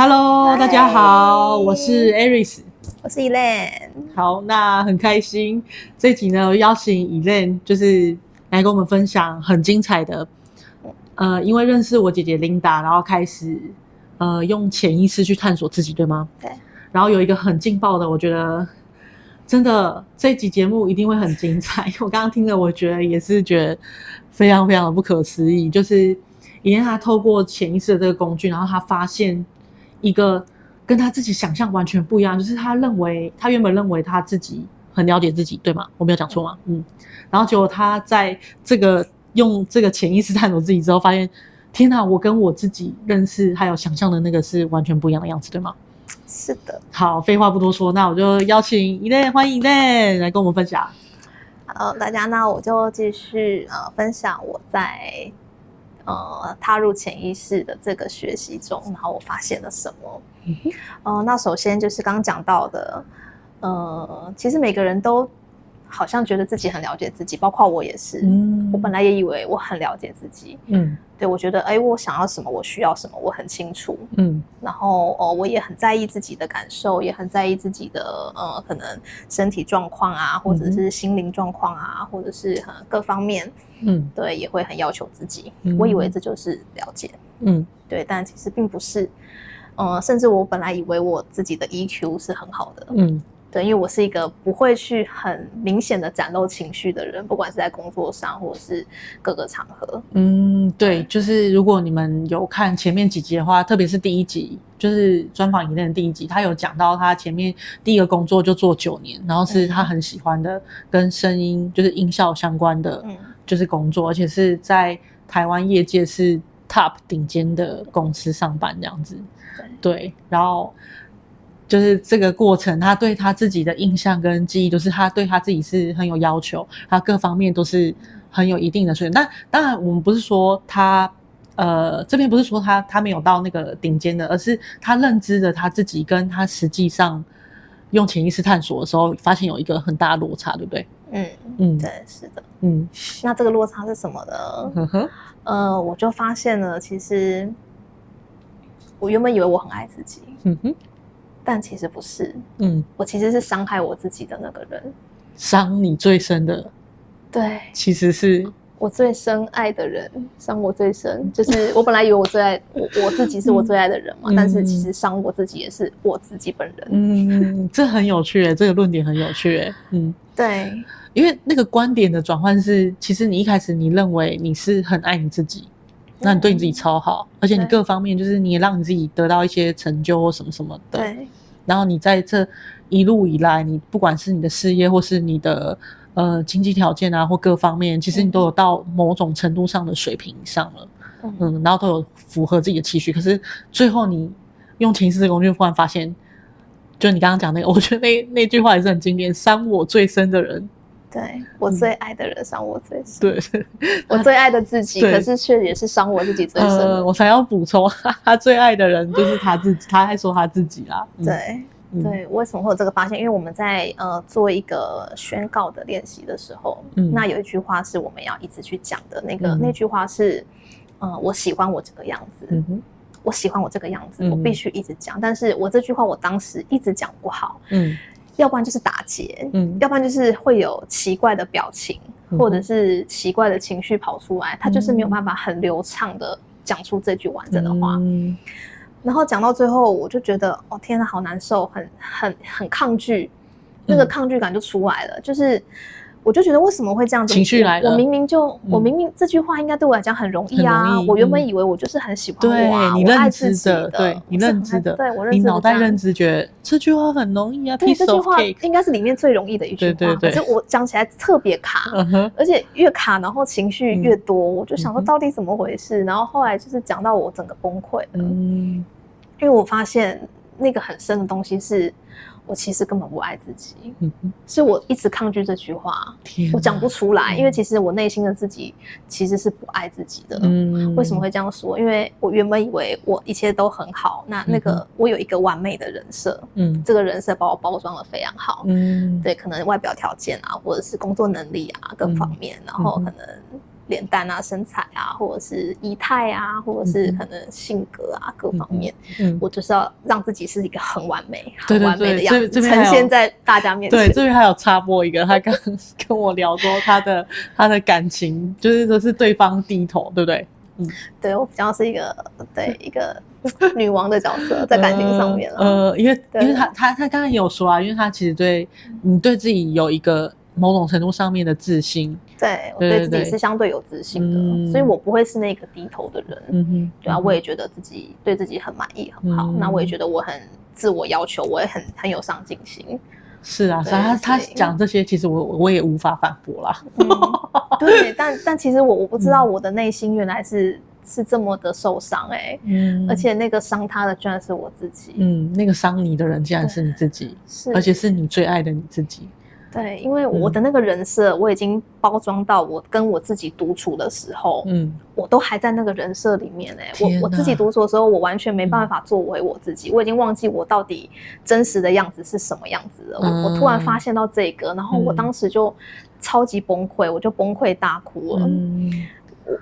Hello，Hi 大家好，我是 Aris，我是 Elain。e 好，那很開心，這一集呢，我邀請 Elain e 就是來跟我們分享很精彩的，對呃，因為認識我姐姐 Linda，然後開始呃用潛意識去探索自己，對嗎？對。然後有一個很勁爆的，我覺得真的這一集節目一定會很精彩。 我剛剛聽了，我覺得也是覺得非常非常的不可思議，就是以前他透過潛意識的這個工具，然後他發現。一個跟他自己想象完全不一樣，就是他認為他原本認為他自己很了解自己，對嗎？我沒有講錯嗎？嗯。然後結果他在這個用這個潛意識探索自己之後，發現天哪，我跟我自己認識還有想象的那個是完全不一樣的樣子，對嗎？是的。好，廢話不多說，那我就邀請 Elain，歡迎 Elain 來跟我們分享。好，呃，大家，那我就繼續呃分享我在。呃，踏入潛意識的這個學習中，然後我發現了什麼？嗯哼，呃，那首先就是剛剛講到的，呃，其實每個人都好像覺得自己很了解自己，包括我也是。嗯，我本來也以為我很了解自己。嗯，對我覺得，哎，我想要什麼，我需要什麼，我很清楚。嗯，然後哦，呃，我也很在意自己的感受，也很在意自己的呃，可能身體狀況啊，或者是心靈狀況啊，嗯，或者是各方面。嗯，對，也會很要求自己。嗯，我以為這就是了解。嗯，對，但其實並不是。嗯，呃，甚至我本來以為我自己的 EQ 是很好的。嗯。對，因為我是一個不會去很明顯的展露情緒的人，不管是在工作上或是各個場合。嗯，對，就是如果你們有看前面幾集的話，特別是第一集，就是專訪 Elain 的第一集，他有講到他前面第一個工作就做九年，然後是他很喜歡的跟聲音就是音效相關的，就是工作，嗯、而且是在台灣業界是 top 頂尖的公司上班這樣子。對，對，然後。就是這個過程，他對他自己的印象跟記憶，就是他對他自己是很有要求，他各方面都是很有一定的所以，那當然，我們不是說他，呃，這邊不是說他他沒有到那個頂尖的，而是他認知的他自己跟他實際上用潛意識探索的時候，發現有一個很大的落差，對不對？嗯嗯，嗯對，是的。嗯，那這個落差是什麼呢？嗯哼。呃，我就發現了，其實我原本以為我很愛自己。嗯哼。但其實不是，嗯，我其實是傷害我自己的那個人，傷你最深的，對，其實是我最深愛的人，傷我最深， 就是我本來以為我最愛我我自己是我最愛的人嘛，嗯、但是其實傷我自己也是我自己本人，嗯，嗯，這很有趣誒，這個論點很有趣誒，嗯，對，因為那個觀點的轉換是，其實你一開始你認為你是很愛你自己，那你對你自己超好，嗯、而且你各方面就是你也讓你自己得到一些成就或什麼什麼的。對然後你在這一路以來，你不管是你的事業，或是你的呃經濟條件啊，或各方面，其實你都有到某種程度上的水平以上了，嗯，然後都有符合自己的期許。可是最後你用情緒工具，忽然發現，就是你剛剛講那個，我覺得那那句話也是很經典。傷我最深的人。對我最愛的人傷我最深，嗯、對我最愛的自己，可是卻也是傷我自己最深、呃。我才要補充，他最愛的人就是他自己， 他愛說他自己啦、啊。嗯、對對，為什麼會有這個發現？因為我們在呃做一個宣告的練習的時候，嗯、那有一句話是我們要一直去講的，那個、嗯、那句話是、呃，我喜歡我這個樣子，嗯、哼我喜歡我這個樣子，嗯、我必須一直講。但是我這句話我當時一直講不好，嗯。要不然就是打結，嗯，要不然就是會有奇怪的表情，嗯、或者是奇怪的情緒跑出來，嗯、他就是沒有辦法很流暢的講出這句完整的話。嗯、然後講到最後，我就覺得，哦天吶，好難受，很很很抗拒，嗯、那個抗拒感就出來了，就是。我就覺得為什麼會這樣子情緒來？我明明就，我明明這句話應該對我來講很容易啊！我原本以為我就是很喜歡我啊，我愛自己的，你認知的，對我認知的，你腦袋認知覺得這句話很容易啊。對，這句話應該是裡面最容易的一句話，可是我講起來特別卡，而且越卡，然後情緒越多，我就想說到底怎麼回事？然後後來就是講到我整個崩潰，嗯，因為我發現。那個很深的東西是，我其實根本不愛自己，所以我一直抗拒這句話，我講不出來，因為其實我內心的自己其實是不愛自己的。為什麼會這樣說？因為我原本以為我一切都很好，那那個我有一個完美的人設，嗯，這個人設把我包裝得非常好，嗯，對，可能外表條件啊，或者是工作能力啊，各方面，然後可能。臉蛋啊、身材啊，或者是儀態啊，或者是可能性格啊，嗯、哼各方面，嗯哼，我就是要讓自己是一個很完美、嗯、哼很完美的樣子，對對對，呈現在大家面前。對，這邊還有插播一個，他剛跟我聊說他的 他的感情，就是說是對方低頭，對不對？嗯，對我比較是一個對一個女王的角色在感情上面了、呃。呃，因為對因為他他他剛剛也有說啊，因為他其實對你對自己有一個某種程度上面的自信。對，我對自己是相對有自信的，所以我不會是那個低頭的人。嗯對啊，我也覺得自己對自己很滿意，很好。那我也覺得我很自我要求，我也很很有上進心。是啊，所以他他講這些，其實我我也無法反駁啦。對，但但其實我我不知道我的內心原來是是這麼的受傷哎，嗯，而且那個傷他的居然是我自己。嗯，那個傷你的人竟然是你自己，是而且是你最愛的你自己。對，因為我的那個人設，嗯、我已經包裝到我跟我自己獨處的時候，嗯，我都還在那個人設裡面哎、欸，哪我我自己獨處的時候，我完全沒辦法做回我自己，嗯、我已經忘記我到底真實的樣子是什麼樣子了、嗯我。我突然發現到這個，然後我當時就超級崩潰，我就崩潰大哭了。嗯、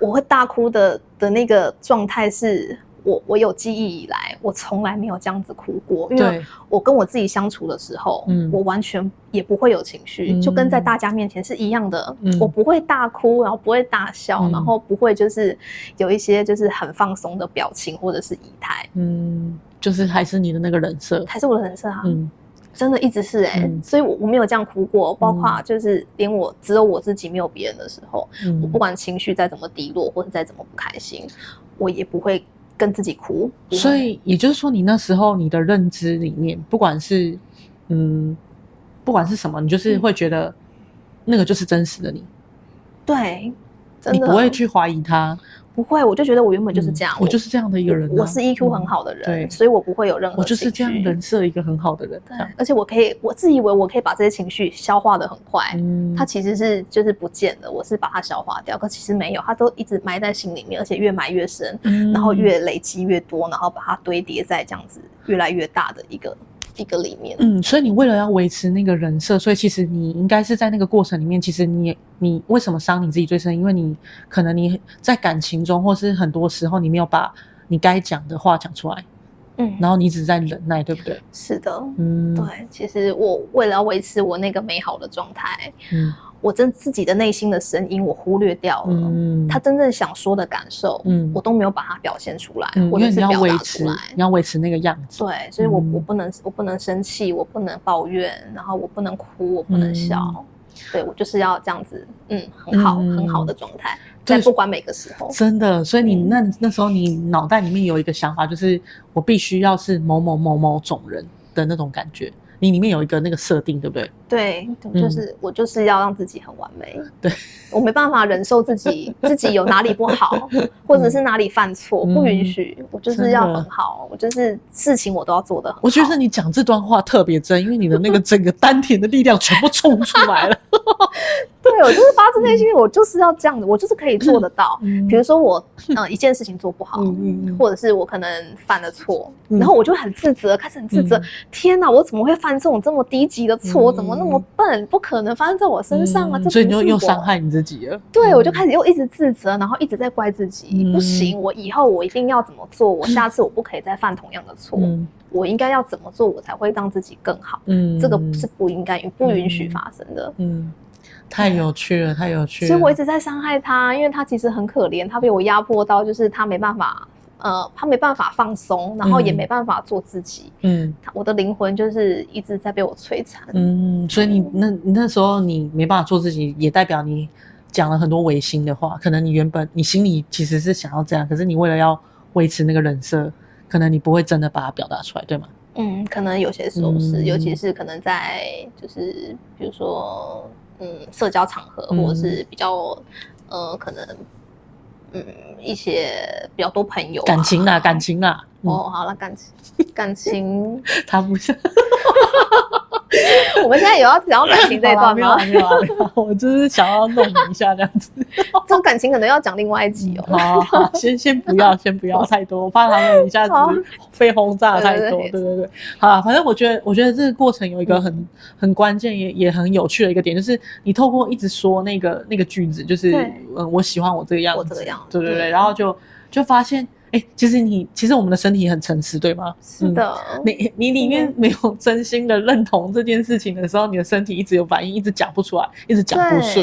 我會大哭的的那個狀態是。我我有記憶以來，我從來沒有這樣子哭過，因為我跟我自己相處的時候，對我完全也不會有情緒，嗯、就跟在大家面前是一樣的。嗯、我不會大哭，然後不會大笑，嗯、然後不會就是有一些就是很放鬆的表情或者是儀態。嗯，就是還是你的那個人設，還是我的人設啊，嗯、真的一直是哎、欸，嗯、所以我我沒有這樣哭過，包括就是連我只有我自己沒有別人的時候，嗯、我不管情緒再怎麼低落或者再怎麼不開心，我也不會。跟自己哭，所以也就是說，你那時候你的認知裡面，不管是嗯，不管是什麼，你就是會覺得那個就是真實的你，嗯、對，真的，你不會去懷疑他。不會，我就覺得我原本就是這樣，嗯、我就是這樣的一個人，啊。我是 EQ 很好的人，嗯、對、所以我不會有任何情緒，我就是這樣人設一個很好的人，對啊，對。而且我可以，我自以為我可以把這些情緒消化的很快，嗯、它其實是就是不見了。我是把它消化掉，可其實沒有，它都一直埋在心裡面，而且越埋越深，嗯、然後越累積越多，然後把它堆疊在這樣子越來越大的一個。一個裡面，嗯，所以你為了要維持那個人設，所以其實你應該是在那個過程裡面。其實你，你為什麼傷你自己最深？因為你可能你在感情中，或是很多時候你沒有把你該講的話講出來，嗯，然後你只是在忍耐，對不對？是的，嗯，對。其實我為了要維持我那個美好的狀態，嗯。我真自己的內心的聲音，我忽略掉了，他真正想說的感受，我都沒有把它表現出來，我就是表達出來、嗯、你要維持，你要維持那個樣子。對，所以我，我、嗯、我不能，我不能生氣，我不能抱怨，然後我不能哭，我不能笑，嗯、對我就是要這樣子，嗯，很好，嗯、很好的狀態，在對不管每個時候。真的，所以你那那時候你腦袋裡面有一個想法，嗯、就是我必須要是某某某某種人的那種感覺。你裡面有一個那個設定，對不對？對，就是我就是要讓自己很完美。對，我沒辦法忍受自己自己有哪裡不好，或者是哪裡犯錯，不允許。我就是要很好，我就是事情我都要做得很好。我覺得你講這段話特別真，因為你的那個整個丹田的力量全部衝出來了。對，我就是發自內心，我就是要這樣的，我就是可以做得到。比如說我嗯一件事情做不好，或者是我可能犯了錯，然後我就很自責，開始很自責。天吶，我怎麼會犯？犯這種這麼低級的錯，我、嗯、怎麼那麼笨？不可能發生在我身上啊！所以你就又傷害你自己了。對，嗯、我就開始又一直自責，然後一直在怪自己。嗯、不行，我以後我一定要怎麼做？我下次我不可以再犯同樣的錯。嗯、我應該要怎麼做，我才會讓自己更好？嗯，這個是不應該不允許發生的。嗯，太有趣了，太有趣了。所以我一直在傷害他，因為他其實很可憐，他被我壓迫到，就是他沒辦法。呃，他沒辦法放鬆，然後也沒辦法做自己。嗯，他、嗯、我的靈魂就是一直在被我摧殘。嗯，所以你那、嗯、那時候你沒辦法做自己，也代表你講了很多違心的話。可能你原本你心裡其實是想要這樣，可是你為了要維持那個人設，可能你不會真的把它表達出來，對嗎？嗯，可能有些時候是，嗯、尤其是可能在就是比如說嗯社交場合，或者是比較、嗯、呃可能。嗯，一些比較多朋友感情啊，好好感情啊，嗯、哦，好啦，感情，感情， 他不是。 我們現在有要講感情這一段嗎？沒有沒有，沒有 我就是想要弄你一下這樣子。 這種感情可能要講另外一集哦。 啊啊、先先不要，先不要太多，我怕他們一下子、啊、被轟炸太多。對對對，對對對好、啊，反正我覺得，我覺得這個過程有一個很、嗯、很關鍵，也也很有趣的一個點，就是你透過一直說那個那個句子，就是對嗯，我喜歡我這個樣子，我這個樣子，對對對，對然後就就發現。哎、欸，其實你其實我們的身體很誠實，對嗎？是的，嗯、你你裡面沒有真心的認同這件事情的時候，因為 你的身體一直有反應，一直講不出來，一直講不順，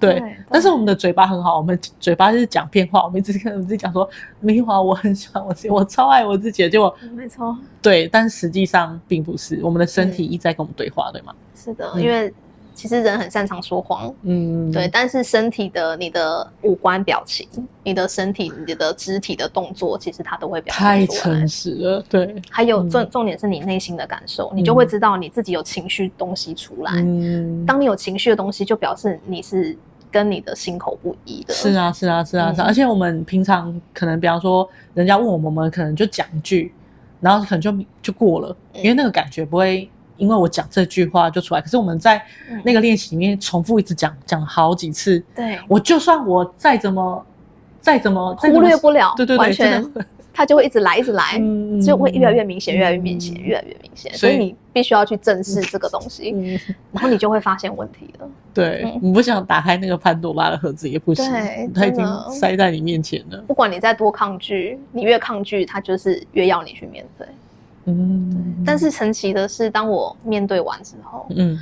對。對但是我們的嘴巴很好，我們嘴巴就是講騙話，我們一直跟自己講說：“明華，我很喜歡我自己，我超愛我自己。”結果沒錯錯，對，但實際上並不是，我們的身體一直在跟我們對話，對，對嗎？是的，嗯、因為。其實人很擅長說謊，嗯，對。但是身體的、你的五官表情、你的身體、你的肢體的動作，其實它都會表現出來。太誠實了，對。還有重、嗯、重點是你內心的感受，嗯，你就會知道你自己有情緒東西出來。嗯，當你有情緒的東西，就表示你是跟你的心口不一的。是啊，是啊，是啊，嗯，是啊。而且我們平常可能，比方說，人家問我們，我們可能就講一句，然後可能就就過了，嗯，因為那個感覺不會。因為我講這句話就出來，可是我們在那個練習裡面重複一直講講好幾次，對，我就算我再怎麼再怎麼忽略不了，對對，完全它就會一直來一直來，就會越來越明顯越來越明顯越來越明顯，所以你必須要去正視這個東西，然後你就會發現問題了。對，你不想打開那個潘多拉的盒子也不行，它已經塞在你面前了。不管你再多抗拒，你越抗拒，它就是越要你去面對。嗯，對。但是神奇的是，當我面對完之後，嗯，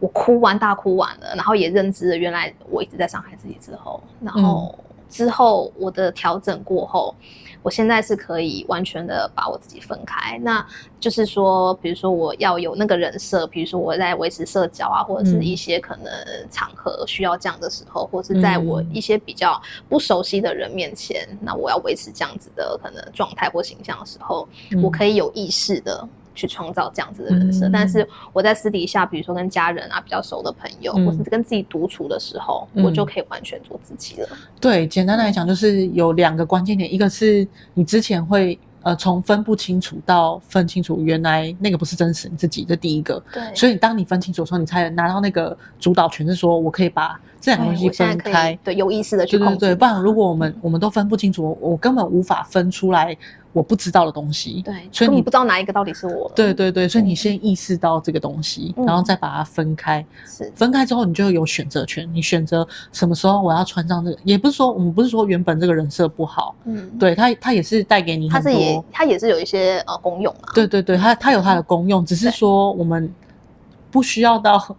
我哭完大哭完了，然後也認知了，原來我一直在傷害自己之後，然後。嗯之後我的調整過後，我現在是可以完全的把我自己分開。那就是說，比如說我要有那個人設，比如說我在維持社交啊，或者是一些可能場合需要這樣的時候，嗯、或是在我一些比較不熟悉的人面前，嗯、那我要維持這樣子的可能狀態或形象的時候，嗯、我可以有意識的。去創造這樣子的人設，嗯、但是我在私底下，比如說跟家人啊、比較熟的朋友，或、嗯、是跟自己獨處的時候，嗯、我就可以完全做自己了。對，簡單來講，就是有兩個關鍵點，嗯、一個是你之前會呃從分不清楚到分清楚，原來那個不是真實你自己，這第一個。對。所以，當你分清楚的時候，你才能拿到那個主導權，是說我可以把這兩個東西分開對，對，有意識的去控制。對對，對不然如果我們我們都分不清楚，我我根本無法分出來。我不知道的東西，對，所以你不知道哪一個到底是我？對對對，所以你先意識到這個東西，然後再把它分開。是分開之後，你就有選擇權。你選擇什麼時候我要穿上這個？也不是說我們不是說原本這個人設不好。嗯，對他，他也是帶給你，他是也，他也是有一些呃功用嘛。對對對，他他有他的功用，只是說我們不需要到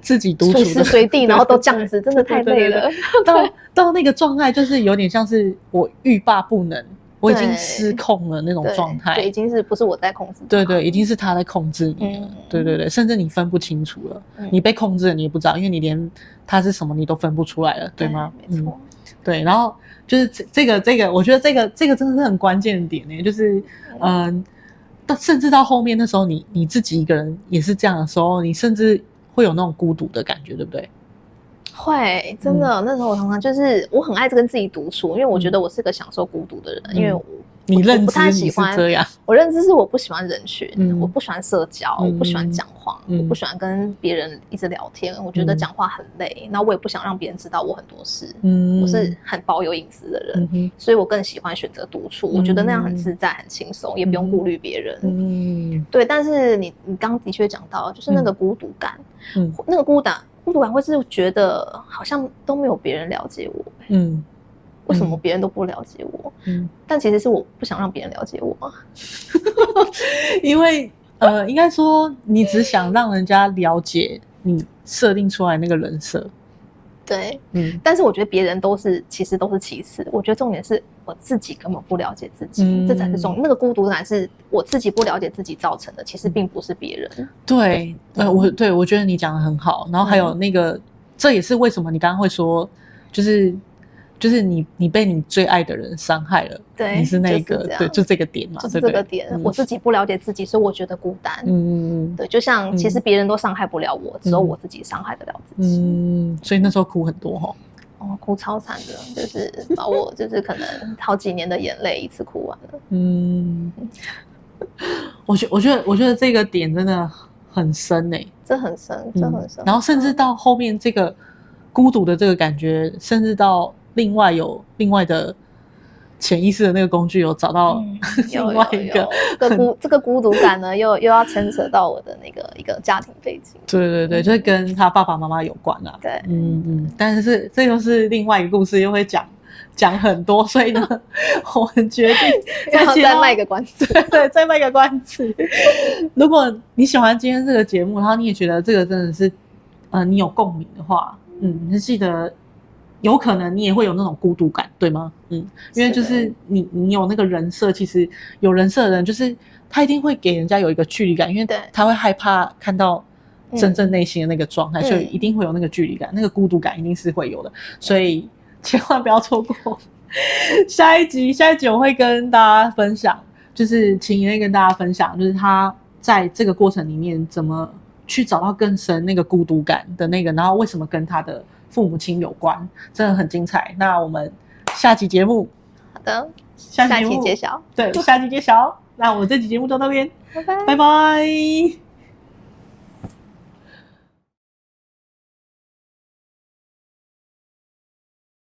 自己獨處隨時隨地，然後都這樣子，真的太累了。到到那個狀態，就是有點像是我欲罷不能。我已經失控了那種狀態，對對，已經是不是我在控制？對對，已經是他在控制你了。嗯、對對對，甚至你分不清楚了，嗯、你被控制了，你也不知道，因為你連他是什麼你都分不出來了，對嗎？哎、沒錯、嗯，對。然後就是這這個這個，我覺得這個這個真的是很關鍵的點呢、欸，就是嗯，到、呃、甚至到後面那時候你，你你自己一個人也是這樣的時候，你甚至會有那種孤獨的感覺，對不對？會真的，那時候我常常就是我很愛跟自己獨處，因為我覺得我是一個享受孤獨的人。因為我不太喜歡這樣。我認知是我不喜歡人群，我不喜歡社交，我不喜歡講話，我不喜歡跟別人一直聊天。我覺得講話很累，那我也不想讓別人知道我很多事。我是很保有隱私的人，所以我更喜歡選擇獨處。我覺得那樣很自在、很輕鬆，也不用顧慮別人。對，但是你你剛的確講到，就是那個孤獨感，那個孤單。不管，會是覺得好像都沒有別人了解我，欸嗯，嗯，為什麼別人都不了解我？嗯，但其實是我不想讓別人了解我， 因為呃， 應該說你只想讓人家了解你設定出來那個人設。對，嗯，但是我覺得別人，都是，其實都是其次。我覺得重點是我自己根本不了解自己，這才、嗯、是重。那個孤獨感是我自己不了解自己造成的，嗯、其實並不是別人。對，呃，我，對，我覺得你講得很好。然後還有那個，嗯、這也是為什麼你剛剛會說，就是。就是你，你被你最愛的人傷害了，對，你是那個，對，就這個點嘛，就是這個點。我自己不了解自己，所以我覺得孤單。嗯，對，就像其實別人都傷害不了我，只有我自己傷害得了自己。嗯，所以那時候哭很多齁。哦，哭超慘的，就是把我就是可能好幾年的眼淚一次哭完了。嗯，我覺我覺得我覺得這個點真的很深呢。這很深，這很深。然後甚至到後面這個孤獨的這個感覺，甚至到。另外有另外的潛意識的那個工具，有找到、嗯、有有有 另外一個這個孤、這個孤獨感呢， 又又要牽扯到我的那個一個家庭背景。對對對，嗯、就是跟他爸爸媽媽有關啊。對，嗯嗯。但是這又是另外一個故事，又會講講很多，所以呢， 我很決定再賣一個關子，對，對，對，再賣一個關子。 如果你喜歡今天這個節目，然後你也覺得這個真的是，呃，你有共鳴的話，嗯，你是記得。有可能你也會有那種孤獨感，對嗎？嗯，因為就是你，是的你,你有那個人設，其實有人設的人，就是他一定會給人家有一個距離感，因為他會害怕看到真正內心的那個狀態，嗯、所以一定會有那個距離感，嗯、那個孤獨感一定是會有的。所以、嗯、千萬不要錯過 下一集，下一集我會跟大家分享，就是 Elain 願意跟大家分享，就是他在這個過程裡面怎麼去找到更深那個孤獨感的那個，然後為什麼跟他的。父母親有關，真的很精彩。那我們下期節目，好的，下期節目，對，下期揭曉。那我們這期節目就到這邊，拜拜，拜拜。